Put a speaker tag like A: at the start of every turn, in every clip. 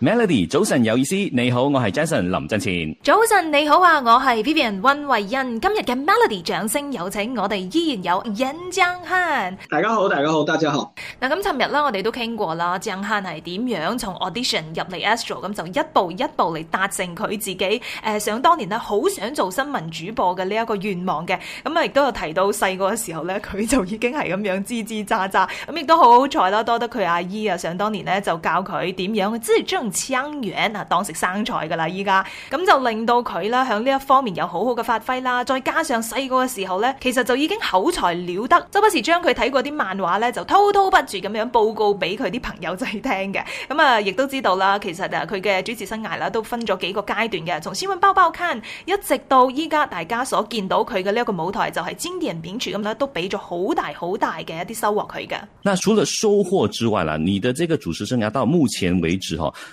A: Melody，早晨有意思，你好，我係 Jason 林振前。
B: 早晨你好啊，我係 Vivian 溫慧欣。今日嘅 Melody 掌聲有請我哋依然有鄭漢。
C: 大家好，大家好，大家好。
B: 嗱咁，尋日啦，我哋都傾過啦，鄭漢係點樣從 audition 入嚟 Astro，咁就一步一步嚟達成佢自己。誒、呃，想當年呢好想做新聞主播嘅呢一個願望嘅，咁啊亦都有提到細個嘅時候咧，佢就已經係咁樣吱吱喳喳，咁亦都好好彩啦，多得佢阿姨啊，想當年咧就教佢點樣即將。生丸嗱當食生菜噶啦，依家咁就令到佢啦響呢一方面有好好嘅發揮啦。再加上細個嘅時候呢，其實就已經口才了得，周不時將佢睇過啲漫畫呢，就滔滔不絕咁樣報告俾佢啲朋友仔聽嘅。咁啊，亦都知道啦，其實啊佢嘅主持生涯啦都分咗幾個階段嘅，從先品包包刊一直到依家大家所見到佢嘅呢一個舞台，就係經典人扁住咁樣都俾咗好大好大嘅一啲收穫佢嘅。
A: 嗱，除了收穫之外啦，你的這個主持生涯到目前為止，哈？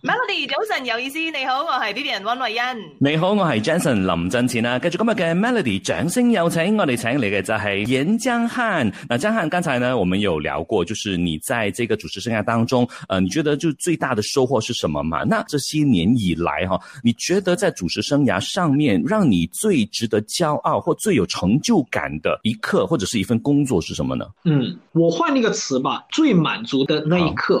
B: Melody 早晨有意
A: 思，你好，我係 Bivian 溫慧欣。你好，我係 Johnson 林振前啊。繼續今日嘅 Melody 掌聲有請我，我哋請嚟嘅就係顏江漢。那江漢剛才呢，我們有聊過，就是你在這個主持生涯當中，誒、呃，你覺得就最大的收穫是什麼嘛？那這些年以來哈、啊，你覺得在主持生涯上面，讓你最值得驕傲或最有成就感的一刻，或者是一份工作是什麼呢？嗯，
C: 我換一個詞吧，最滿足的那一刻。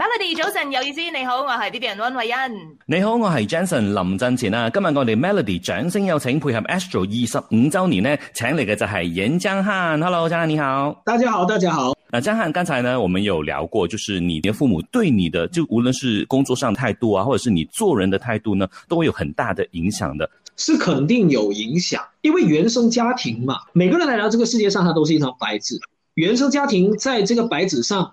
B: Melody 早晨有意思，你好，
A: 我係呢邊嘅溫慧恩。你好，我是 Jenson 林振前啊。今日我哋 Melody 掌聲有請配合 Astro 二十五周年呢，請你嘅就係嚴江漢。Hello，江漢你好，大家好，大家好。那江漢剛才呢，我們有聊過，就是你的父母對你的，就無論是工作上態度啊，或者是你做人的態
C: 度呢，都有很大的影響的。是肯定有影響，因為原生家庭嘛，每個人來到這個世界上它都是一張白紙。原生家庭在這個白紙上。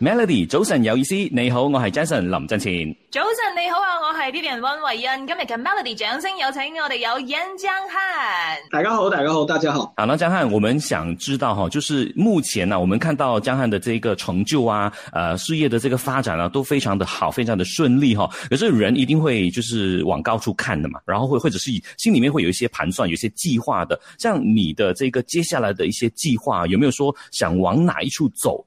A: Melody，早晨有意思，你好，我係 Jason 林振前。
B: 早晨你好啊，我係 B B n 溫慧欣。今日嘅 Melody 掌聲有請我哋有 Yan, 江
A: 漢。大家好，大家好，大家好。啊，那江漢，我們想知道哈，就是目前呢，啊，我們看到江漢的這個成就啊，呃事業的這個發展啊，都非常的好，非常的順利哈，啊。可是人一定會就是往高處看的嘛，然後會，或者是心裏面會有一些盤算，有些計劃的。像你的這個接下來的一些計劃，有沒有說想往哪一處走？